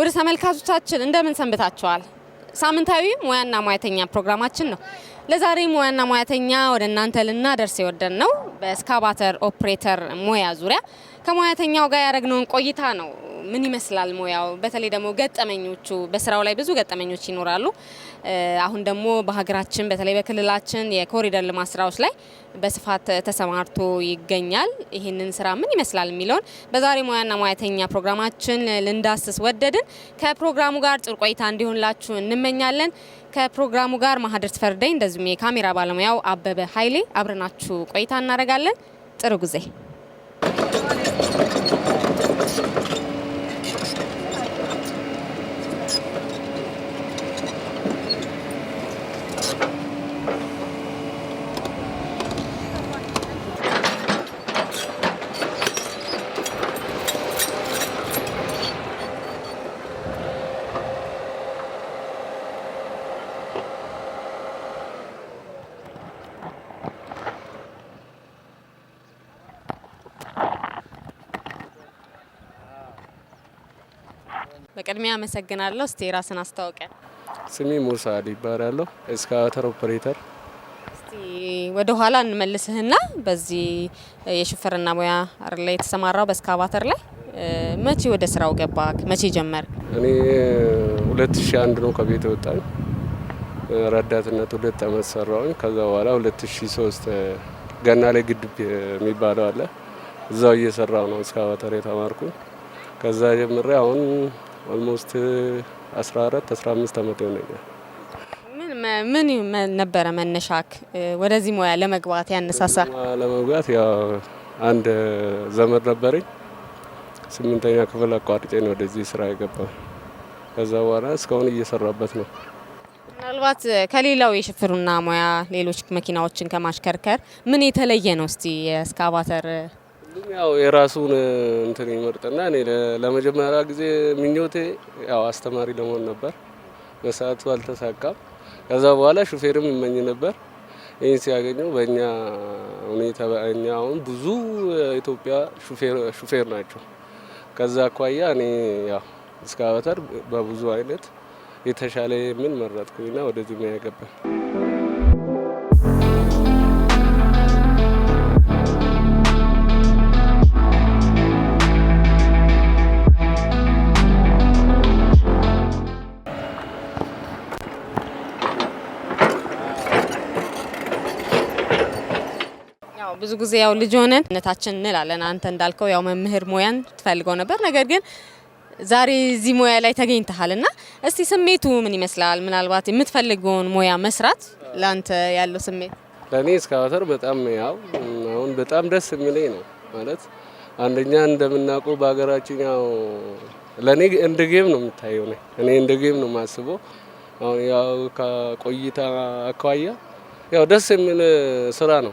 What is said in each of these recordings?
ወደ ተመልካቾቻችን እንደምን ሰንብታችኋል? ሳምንታዊ ሙያና ሙያተኛ ፕሮግራማችን ነው። ለዛሬ ሙያና ሙያተኛ ወደ እናንተ ልናደርስ የወደን ነው በስካባተር ኦፕሬተር ሙያ ዙሪያ ከሙያተኛው ጋር ያደረግነውን ቆይታ ነው ምን ይመስላል ሙያው? በተለይ ደግሞ ገጠመኞቹ በስራው ላይ ብዙ ገጠመኞች ይኖራሉ። አሁን ደግሞ በሀገራችን በተለይ በክልላችን የኮሪደር ልማት ስራዎች ላይ በስፋት ተሰማርቶ ይገኛል። ይህንን ስራ ምን ይመስላል የሚለውን በዛሬ ሙያና ሙያተኛ ፕሮግራማችን ልንዳስስ ወደድን። ከፕሮግራሙ ጋር ጥሩ ቆይታ እንዲሆንላችሁ እንመኛለን። ከፕሮግራሙ ጋር ማህደር ትፈርደኝ እንደዚሁም የካሜራ ባለሙያው አበበ ኃይሌ አብረናችሁ ቆይታ እናደርጋለን። ጥሩ ጊዜ በቅድሚያ አመሰግናለሁ። እስቲ ራስን አስታውቂያ። ስሜ ሙሳ አሊ ይባላለሁ። ኤክስካቫተር ኦፕሬተር። እስቲ ወደ ኋላ እንመልስህና በዚህ የሹፌርና ሙያ ላይ የተሰማራው በስካቫተር ላይ መቼ ወደ ስራው ገባክ? መቼ ጀመር? እኔ ሁለት ሺ አንድ ነው ከቤት ወጣኝ። ረዳትነት ሁለት አመት ሰራውኝ። ከዛ በኋላ ሁለት ሺ ሶስት ገና ላይ ግድብ የሚባለው አለ እዛው እየሰራው ነው እስካቫተር የተማርኩ ከዛ ጀምሬ አሁን ኦልሞስት 14 15 ዓመት ይሆነኛል። ምን ነበረ መነሻክ ወደዚህ ሙያ ለመግባት ያነሳሳ? ለመግባት ያው አንድ ዘመድ ነበረኝ። ስምንተኛ ክፍል አቋርጬ ነው ወደዚህ ስራ የገባው። ከዛ በኋላ እስካሁን እየሰራበት ነው። ምናልባት ከሌላው የሽፍሩና ሙያ ሌሎች መኪናዎችን ከማሽከርከር ምን የተለየ ነው? እስቲ የእስካቫተር ሁሉም ያው የራሱን እንትን ይመርጥና እኔ ለመጀመሪያ ጊዜ ምኞቴ ያው አስተማሪ ለመሆን ነበር። በሰዓቱ አልተሳካም። ከዛ በኋላ ሹፌርም ይመኝ ነበር። ይህን ሲያገኘው በእኛ ሁኔታ በእኛ አሁን ብዙ ኢትዮጵያ ሹፌር ናቸው። ከዛ አኳያ እኔ ያው እስከ አበታር በብዙ አይነት የተሻለ የምን መረጥኩኝና ወደዚህ ነው ያገባል። አዎ ብዙ ጊዜ ያው ልጅ ሆነን እነታችን እንላለን። አንተ እንዳልከው ያው መምህር ሙያን ትፈልገው ነበር፣ ነገር ግን ዛሬ እዚህ ሙያ ላይ ተገኝተሃል እና እስቲ ስሜቱ ምን ይመስላል? ምናልባት የምትፈልገውን ሙያ መስራት ለአንተ ያለው ስሜት? ለእኔ እስካወተር በጣም ያው አሁን በጣም ደስ የሚለኝ ነው ማለት አንደኛ እንደምናውቀው በሀገራችን ያው ለእኔ እንደ ጌም ነው የምታየው። ነ እኔ እንደ ጌም ነው የማስበው። አሁን ያው ከቆይታ አኳያ ያው ደስ የሚል ስራ ነው።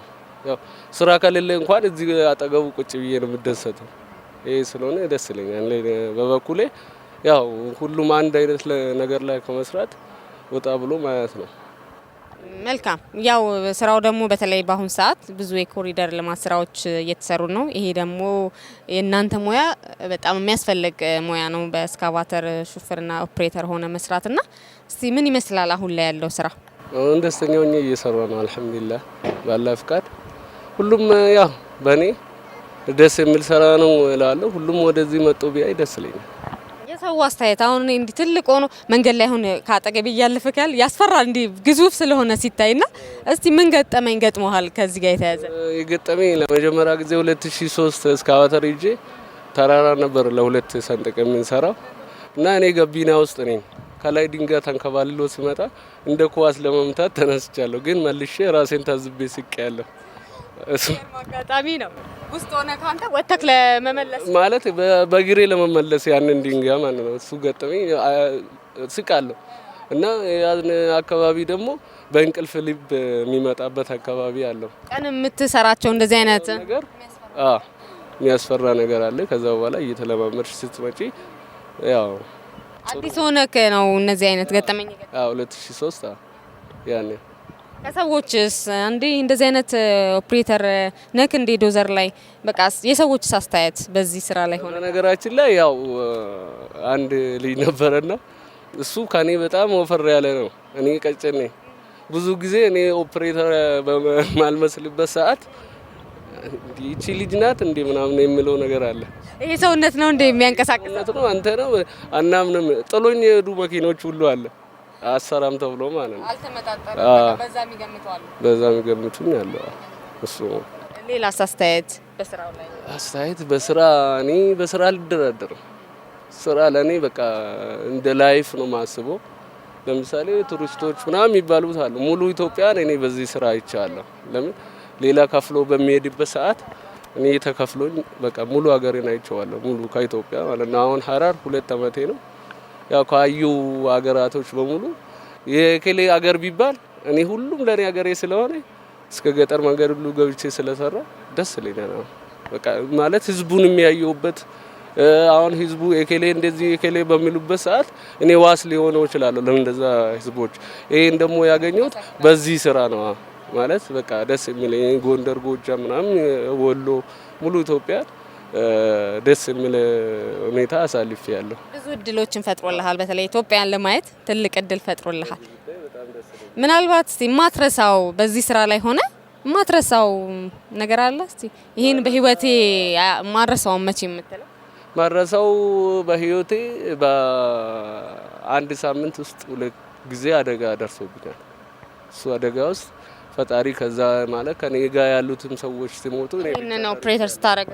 ያው ስራ ከሌለ እንኳን እዚህ አጠገቡ ቁጭ ብዬ ነው የምደሰተው። ይሄ ስለሆነ ደስ ይለኛል። በበኩሌ ያው ሁሉም አንድ አይነት ነገር ላይ ከመስራት ወጣ ብሎ ማየት ነው። መልካም ያው ስራው ደግሞ በተለይ በአሁን ሰዓት ብዙ የኮሪደር ልማት ስራዎች እየተሰሩ ነው። ይሄ ደግሞ የእናንተ ሙያ በጣም የሚያስፈልግ ሙያ ነው፣ በእስካቫተር ሹፍርና ኦፕሬተር ሆነ መስራት እና እስቲ ምን ይመስላል አሁን ላይ ያለው ስራ? ደስተኛ ሆኜ እየሰራ ነው። አልሐምዱሊላህ ባላ ፍቃድ ሁሉም ያው በእኔ ደስ የሚል ስራ ነው እላለሁ። ሁሉም ወደዚህ መጥቶ ቢያይ ደስ ይለኛል። የሰው አስተያየት አሁን እኔ እንዲህ ትልቅ ሆኖ መንገድ ላይ አሁን ከአጠገቤ እያለፈካል ያስፈራል፣ እንዲህ ግዙፍ ስለሆነ ሲታይና። እስቲ ምን ገጠመኝ ገጥመሃል? ከዚህ ጋር የተያዘ? የገጠመኝ ለመጀመሪያ ጊዜ 2003 እስከ አዋተር ይዤ ተራራ ነበር ለሁለት ሰንጠቅ የምንሰራው እና እኔ ገቢና ውስጥ ነኝ ከላይ ድንጋይ ተንከባልሎ ሲመጣ እንደ ኳስ ለመምታት ተነስቻለሁ፣ ግን መልሼ ራሴን ታዝቤ ስቅ ያለሁ አጋጣሚ ነው ውስጥ ሆነ ከአንተ ወተክ ለመመለስ ማለት በግሬ ለመመለስ ያንን ድንጋይ ማለት ነው። እሱ ገጠመኝ ስቃለሁ እና ያን አካባቢ ደግሞ በእንቅልፍ ልብ የሚመጣበት አካባቢ አለው። ቀን የምትሰራቸው እንደዚህ አይነት ነገር የሚያስፈራ ነገር አለ። ከዛ በኋላ እየተለማመድሽ ስትመጪ ያው አዲስ ሆነክ ነው እነዚህ አይነት ገጠመኝ። አዎ 2003 ያኔ ከሰዎችስ አንዴ እንደዚህ አይነት ኦፕሬተር ነክ እንዴ ዶዘር ላይ በቃ የሰዎችስ አስተያየት በዚህ ስራ ላይ ሆነ? ነገራችን ላይ ያው አንድ ልጅ ነበረና እሱ ከኔ በጣም ወፈር ያለ ነው፣ እኔ ቀጭን ነኝ። ብዙ ጊዜ እኔ ኦፕሬተር በማልመስልበት ሰዓት ይቺ ልጅ ናት እንዴ ምናምን የምለው ነገር አለ። ይሄ ሰውነት ነው እንዴ የሚያንቀሳቅስ ነው አንተ ነው አናምንም። ጥሎኝ የሄዱ መኪኖች ሁሉ አለ አሰራም ተብሎ ማለት ነው። አልተመጣጠረም። በዛም ይገምታሉ በዛም ይገምቱኝ ያለው እሱ። ሌላ አስተያየት በስራው ላይ አስተያየት በስራ እኔ በስራ አልደራደርም። ስራ ለእኔ በቃ እንደ ላይፍ ነው ማስበው። ለምሳሌ ቱሪስቶች ምናምን የሚባሉት አሉ። ሙሉ ኢትዮጵያን እኔ በዚህ ስራ አይቻለሁ። ለምን ሌላ ከፍሎ በሚሄድበት ሰዓት እኔ የተከፍሎኝ በቃ ሙሉ ሀገሬን አይቼዋለሁ። ሙሉ ከኢትዮጵያ ማለት ነው። አሁን ሀረር ሁለት አመቴ ነው። ያው ካዩ አገራቶች በሙሉ የክሌ አገር ቢባል እኔ ሁሉም ለእኔ ሀገሬ ስለሆነ እስከ ገጠር መንገድ ሁሉ ገብቼ ስለሰራ ደስ ይለኛል። በቃ ማለት ህዝቡን የሚያየውበት አሁን ህዝቡ ኤኬሌ እንደዚህ ኤኬሌ በሚሉበት ሰዓት እኔ ዋስ ሊሆነው እችላለሁ ለእንደዛ ህዝቦች። ይሄን ደግሞ ያገኘሁት በዚህ ስራ ነው። ማለት በቃ ደስ የሚለኝ ጎንደር፣ ጎጃም ምናምን፣ ወሎ ሙሉ ኢትዮጵያ ደስ የሚል ሁኔታ አሳልፍ ያለሁ። ብዙ እድሎችን ፈጥሮልሃል። በተለይ ኢትዮጵያን ለማየት ትልቅ እድል ፈጥሮልሃል። ምናልባት እስቲ ማትረሳው በዚህ ስራ ላይ ሆነ ማትረሳው ነገር አለ? እስቲ ይህን በህይወቴ ማረሳውን መቼ የምትለው ማረሳው በህይወቴ በአንድ ሳምንት ውስጥ ሁለት ጊዜ አደጋ ደርሶብኛል። እሱ አደጋ ውስጥ ፈጣሪ ከዛ ማለት ከኔ ጋ ያሉትም ሰዎች ሲሞቱ ነው ፕሬተር ስታረግ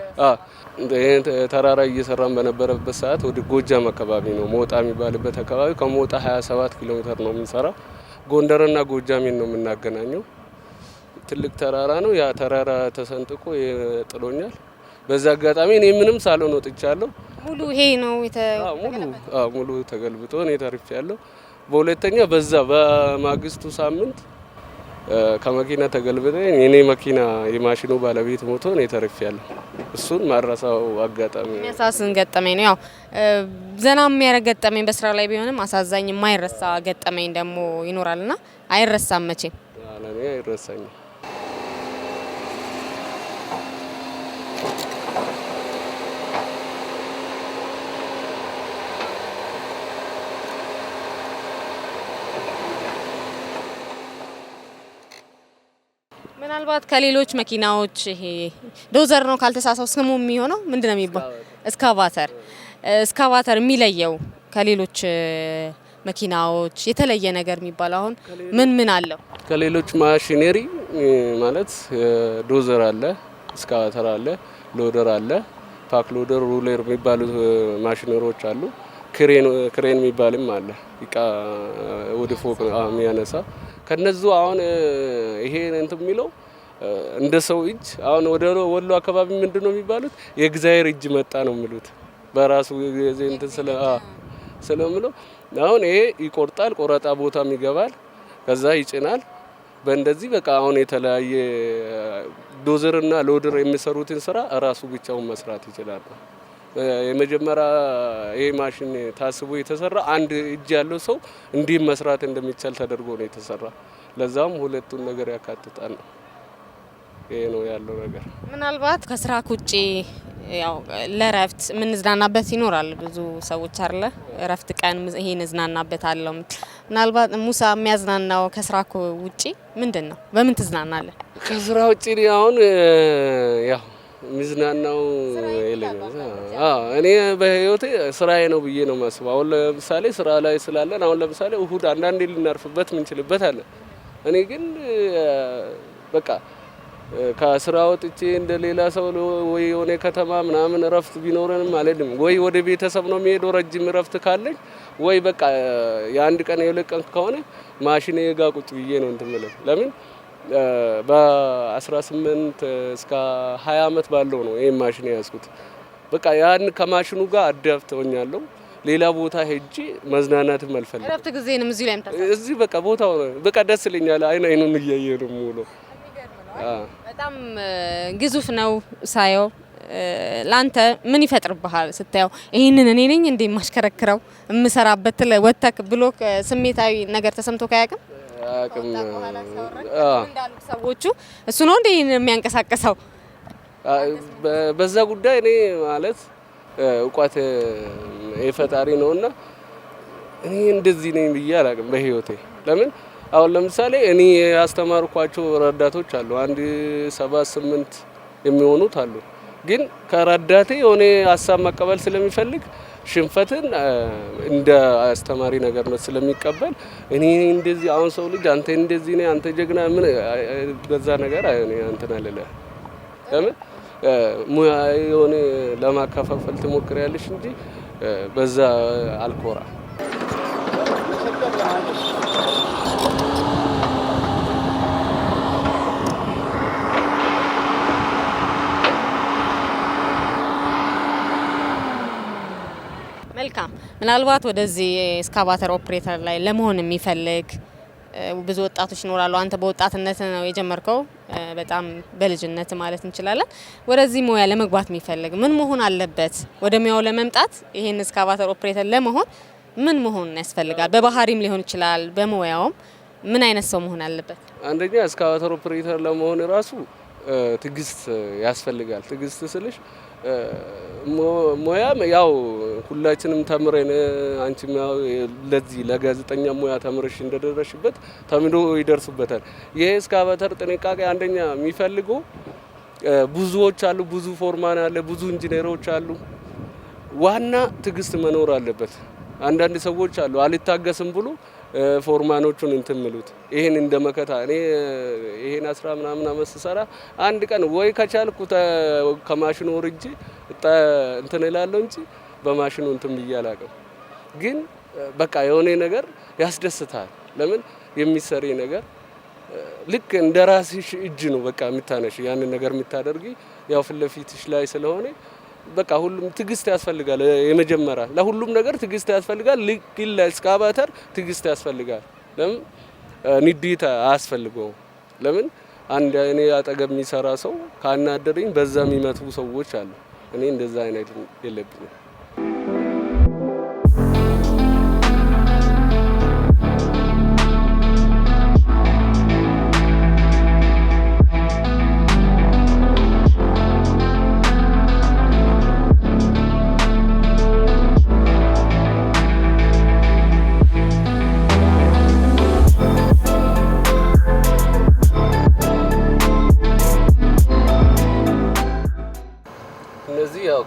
ተራራ እየሰራን በነበረበት ሰዓት ወደ ጎጃም አካባቢ ነው ሞጣ የሚባልበት አካባቢ ከሞጣ 27 ኪሎ ሜትር ነው የምንሰራው። ጎንደርና ጎጃሜን ነው የምናገናኘው። ትልቅ ተራራ ነው። ያ ተራራ ተሰንጥቆ ጥሎኛል። በዛ አጋጣሚ እኔ ምንም ሳልሆን ወጥቻለሁ። ሙሉ ይሄ ነው ሙሉ ተገልብጦ እኔ ተርፌያለሁ። በሁለተኛ በዛ በማግስቱ ሳምንት ከመኪና ተገልብጠ እኔ መኪና የማሽኑ ባለቤት ሞቶ እኔ ተርፌያለሁ። እሱን ማረሳው አጋጣሚ የሚያሳዝን ገጠመኝ ነው። ያው ዘና የሚያደርግ ገጠመኝ በስራ ላይ ቢሆንም አሳዛኝ የማይረሳ ገጠመኝ ደግሞ ይኖራል ና አይረሳም መቼም። ለእኔ አይረሳኝም። ምናልባት ከሌሎች መኪናዎች ይሄ ዶዘር ነው ካልተሳሳው ስሙ የሚሆነው ምንድን ነው የሚባለው? እስካቫተር እስካቫተር የሚለየው ከሌሎች መኪናዎች የተለየ ነገር የሚባለው አሁን ምን ምን አለው? ከሌሎች ማሽነሪ ማለት ዶዘር አለ፣ እስካቫተር አለ፣ ሎደር አለ፣ ፓክ ሎደር፣ ሩለር የሚባሉ ማሽነሮች አሉ። ክሬን የሚባልም አለ፣ እቃ ወደ ፎቅ የሚያነሳ ከነዙ አሁን ይሄ እንትን የሚለው እንደ ሰው እጅ አሁን ወደ ወሎ አካባቢ ምንድን ነው የሚባሉት የእግዚአብሔር እጅ መጣ ነው የሚሉት በራሱ ጊዜ እንትን ስለምለው አሁን ይሄ ይቆርጣል፣ ቆረጣ ቦታም ይገባል፣ ከዛ ይጭናል። በእንደዚህ በቃ አሁን የተለያየ ዶዘርና ሎደር የሚሰሩትን ስራ እራሱ ብቻውን መስራት ይችላል። የመጀመሪያ ይሄ ማሽን ታስቦ የተሰራ አንድ እጅ ያለው ሰው እንዲህ መስራት እንደሚቻል ተደርጎ ነው የተሰራ። ለዛም ሁለቱን ነገር ያካትታል ነው ይሄ ነው ያለው ነገር። ምናልባት ከስራ ውጪ ያው ለእረፍት የምንዝናናበት ይኖራል። ብዙ ሰዎች አለ እረፍት ቀን ይሄን እዝናናበት አለው። ምናልባት ሙሳ የሚያዝናናው ከስራ ውጪ ምንድን ነው? በምን ትዝናናለ? ከስራ ውጭ አሁን ያው የሚዝናናው እኔ በህይወቴ ስራዬ ነው ብዬ ነው ማስብ አሁን ለምሳሌ ስራ ላይ ስላለን አሁን ለምሳሌ እሁድ አንዳንዴ ልናርፍበት ምንችልበት አለ። እኔ ግን በቃ ከስራ ወጥቼ እንደ ሌላ ሰው ወይ የሆነ ከተማ ምናምን እረፍት ቢኖረንም አልሄድም። ወይ ወደ ቤተሰብ ነው የሚሄደው ረጅም እረፍት ካለኝ፣ ወይ በቃ የአንድ ቀን የሁለት ቀን ከሆነ ማሽን ጋር ቁጭ ብዬ ነው እንትን የምልህ። ለምን በ18 እስከ 20 ዓመት ባለው ነው ይሄን ማሽን የያዝኩት። በቃ ያን ከማሽኑ ጋር አዳፍት ሆኛለሁ። ሌላ ቦታ ሄጂ መዝናናት መልፈል እረፍት ጊዜንም እዚሁ ላይ እዚህ በቃ ቦታው በቃ ደስ ይለኛል። አይን አይኑን እያየ ነው በጣም ግዙፍ ነው ሳየው። ላንተ ምን ይፈጥርብሃል ስታየው? ይህንን እኔ ነኝ እንዴ የማሽከረክረው የምሰራበት ወተክ ብሎ ስሜታዊ ነገር ተሰምቶ ካያቅም እንዳሉ ሰዎቹ እሱ ነው እንዴ ይህን የሚያንቀሳቀሰው? በዛ ጉዳይ እኔ ማለት እውቀት የፈጣሪ ነውና እኔ እንደዚህ ነኝ ብዬ በህይወቴ ለምን አሁን ለምሳሌ እኔ ያስተማርኳቸው ረዳቶች አሉ፣ አንድ ሰባት ስምንት የሚሆኑት አሉ። ግን ከረዳቴ የሆነ ሀሳብ መቀበል ስለሚፈልግ ሽንፈትን እንደ አስተማሪ ነገር ነው ስለሚቀበል፣ እኔ እንደዚህ አሁን ሰው ልጅ አንተ እንደዚህ ነህ አንተ ጀግና ምን በዛ ነገር እንትን አለለ። ለምን ሙያ የሆነ ለማከፋፈል ትሞክሪያለሽ እንጂ በዛ አልኮራ ምናልባት ወደዚህ ኤክስካቫተር ኦፕሬተር ላይ ለመሆን የሚፈልግ ብዙ ወጣቶች ይኖራሉ። አንተ በወጣትነት ነው የጀመርከው፣ በጣም በልጅነት ማለት እንችላለን። ወደዚህ ሙያ ለመግባት የሚፈልግ ምን መሆን አለበት? ወደ ሙያው ለመምጣት ይህን እስካቫተር ኦፕሬተር ለመሆን ምን መሆን ያስፈልጋል? በባህሪም ሊሆን ይችላል፣ በሙያውም ምን አይነት ሰው መሆን አለበት? አንደኛ እስካቫተር ኦፕሬተር ለመሆን ራሱ ትዕግስት ያስፈልጋል። ትግስት ስልሽ ሙያ ያው ሁላችንም ተምረን አንቺም ያው ለዚህ ለጋዜጠኛ ሙያ ተምረሽ እንደደረሽበት ተምዶ ይደርሱበታል። ይሄ እስካቫተር ጥንቃቄ አንደኛ የሚፈልጉ ብዙዎች አሉ። ብዙ ፎርማን አለ፣ ብዙ ኢንጂነሮች አሉ። ዋና ትዕግስት መኖር አለበት። አንዳንድ ሰዎች አሉ አልታገስም ብሎ ፎርማኖቹን እንትምሉት ምሉት ይህን እንደ መከታ እኔ ይህን አስራ ምናምን አመት ስሰራ አንድ ቀን ወይ ከቻልኩ ከማሽኑ ወርጄ እንትን እላለሁ እንጂ በማሽኑ እንትን ብዬ አላቅም። ግን በቃ የሆነ ነገር ያስደስታል። ለምን የሚሰሪ ነገር ልክ እንደ ራስሽ እጅ ነው በቃ የምታነሽ ያንን ነገር የምታደርጊ ያው ፊት ለፊትሽ ላይ ስለሆነ በቃ ሁሉም ትግስት ያስፈልጋል። የመጀመሪያ ለሁሉም ነገር ትግስት ያስፈልጋል። ልክ ለእስካባተር ትግስት ያስፈልጋል። ለምን ንዴት አያስፈልገውም። ለምን አንድ እኔ አጠገብ የሚሰራ ሰው ካናደረኝ በዛ የሚመቱ ሰዎች አሉ። እኔ እንደዛ አይነት የለብኝም።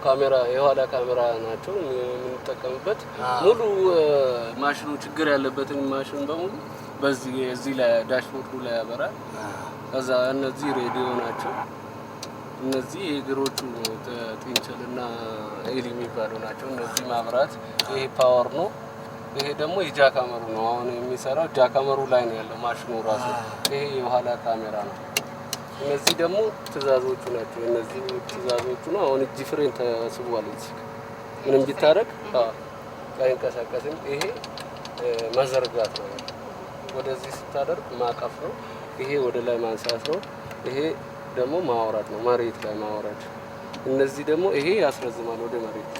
ካሜራ የኋላ ካሜራ ናቸው የምንጠቀምበት። ሙሉ ማሽኑ ችግር ያለበትን ማሽን በሙሉ በዚህ እዚህ ላይ ዳሽቦርዱ ላይ ያበራል። ከዛ እነዚህ ሬዲዮ ናቸው። እነዚህ የእግሮቹ ጢንችል እና ኤል የሚባሉ ናቸው። እነዚህ ማብራት፣ ይሄ ፓወር ነው። ይሄ ደግሞ የጃካመሩ ነው። አሁን የሚሰራው ጃካመሩ ላይ ነው ያለው ማሽኑ ራሱ። ይሄ የኋላ ካሜራ ነው። እነዚህ ደግሞ ትእዛዞቹ ናቸው። እነዚህ ትእዛዞቹ ነው። አሁን እጅ ፍሬን ተስቧል። እዚህ ምንም ቢታረግ አይንቀሳቀስም። ይሄ መዘርጋት ነው። ወደዚህ ስታደርግ ማቀፍ ነው። ይሄ ወደ ላይ ማንሳት ነው። ይሄ ደግሞ ማውረድ ነው፣ መሬት ላይ ማውረድ። እነዚህ ደግሞ ይሄ ያስረዝማል ወደ መሬት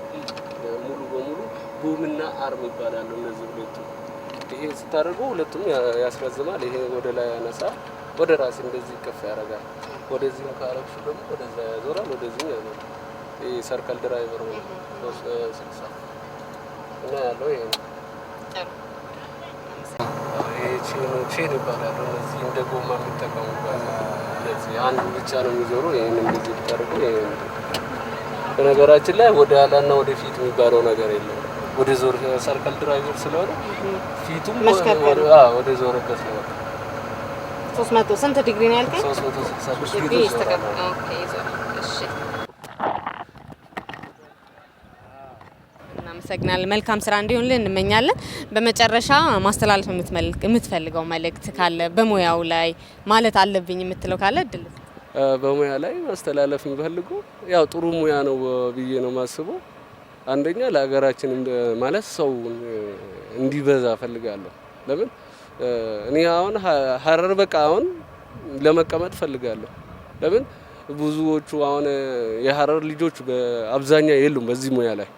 ሙሉ በሙሉ ቡምና አርም ይባላሉ እነዚህ ሁለቱ። ይሄ ስታደርጉ ሁለቱም ያስረዝማል። ይሄ ወደ ላይ ያነሳል። ወደ ራሴ እንደዚህ ከፍ ያደርጋል። ወደዚህም ካረግሽ ደግሞ ወደዛ ያዞራል፣ ወደዚህም ያዞራል። ይሄ ሰርከል ድራይቨር ነው ስልሳ እና ያለው ይሄ ነው። ይሄ ቼን ይባላል። እነዚህ እንደ ጎማ የሚጠቀሙበት እነዚህ አንድ ብቻ ነው የሚዞሩ። ይህን እንደዚህ ብታደርጉ በነገራችን ላይ ወደ ኋላና ወደ ፊት የሚባለው ነገር የለም። ወደ ዞር ሰርከል ድራይቨር ስለሆነ ፊቱም ወደ ዞረበት ነው ሶስት መቶ ስንት ዲግሪ ነው ያልከኝ? እናመሰግናለን። መልካም ስራ እንዲሆንልን እንመኛለን። በመጨረሻ ማስተላለፍ የምትፈልገው መልእክት ካለ በሙያው ላይ ማለት አለብኝ የምትለው ካለ እድል በሙያ ላይ ማስተላለፍ የሚፈልገው ያው ጥሩ ሙያ ነው ብዬ ነው ማስበው። አንደኛ ለሀገራችን ማለት ሰው እንዲበዛ ፈልጋለሁ። ለምን እኔ አሁን ሀረር በቃ አሁን ለመቀመጥ ፈልጋለሁ። ለምን ብዙዎቹ አሁን የሀረር ልጆች አብዛኛው የሉም በዚህ ሙያ ላይ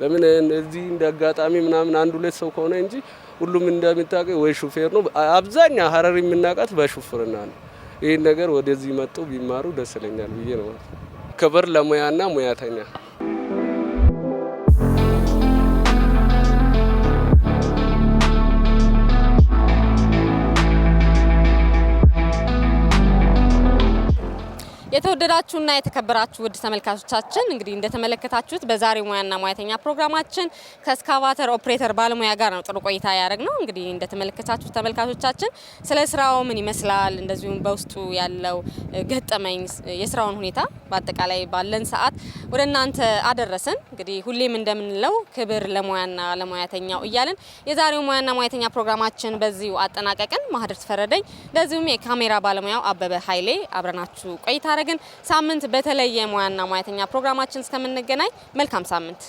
ለምን እዚህ እንደ አጋጣሚ ምናምን አንድ ሁለት ሰው ከሆነ እንጂ ሁሉም እንደምታውቀው ወይ ሹፌር ነው። አብዛኛው ሀረር የምናውቃት በሹፍርና ነው። ይህን ነገር ወደዚህ መጡ ቢማሩ ደስ ይለኛል ብዬ ነው። ክብር ለሙያና ሙያተኛ የተወደዳችሁና የተከበራችሁ ውድ ተመልካቾቻችን እንግዲህ እንደተመለከታችሁት በዛሬ ሙያና ሙያተኛ ፕሮግራማችን ከእስካቫተር ኦፕሬተር ባለሙያ ጋር ነው ጥሩ ቆይታ ያደረግ ነው። እንግዲህ እንደተመለከታችሁት ተመልካቾቻችን ስለ ስራው ምን ይመስላል፣ እንደዚሁም በውስጡ ያለው ገጠመኝ፣ የስራውን ሁኔታ በአጠቃላይ ባለን ሰዓት ወደ እናንተ አደረስን። እንግዲህ ሁሌም እንደምንለው ክብር ለሙያና ለሙያተኛው እያለን የዛሬው ሙያና ሙያተኛ ፕሮግራማችን በዚሁ አጠናቀቅን። ማህደር ተፈረደኝ እንደዚሁም የካሜራ ባለሙያው አበበ ኃይሌ አብረናችሁ ቆይታ ግን ሳምንት በተለየ ሙያና ሙያተኛ ፕሮግራማችን እስከምንገናኝ መልካም ሳምንት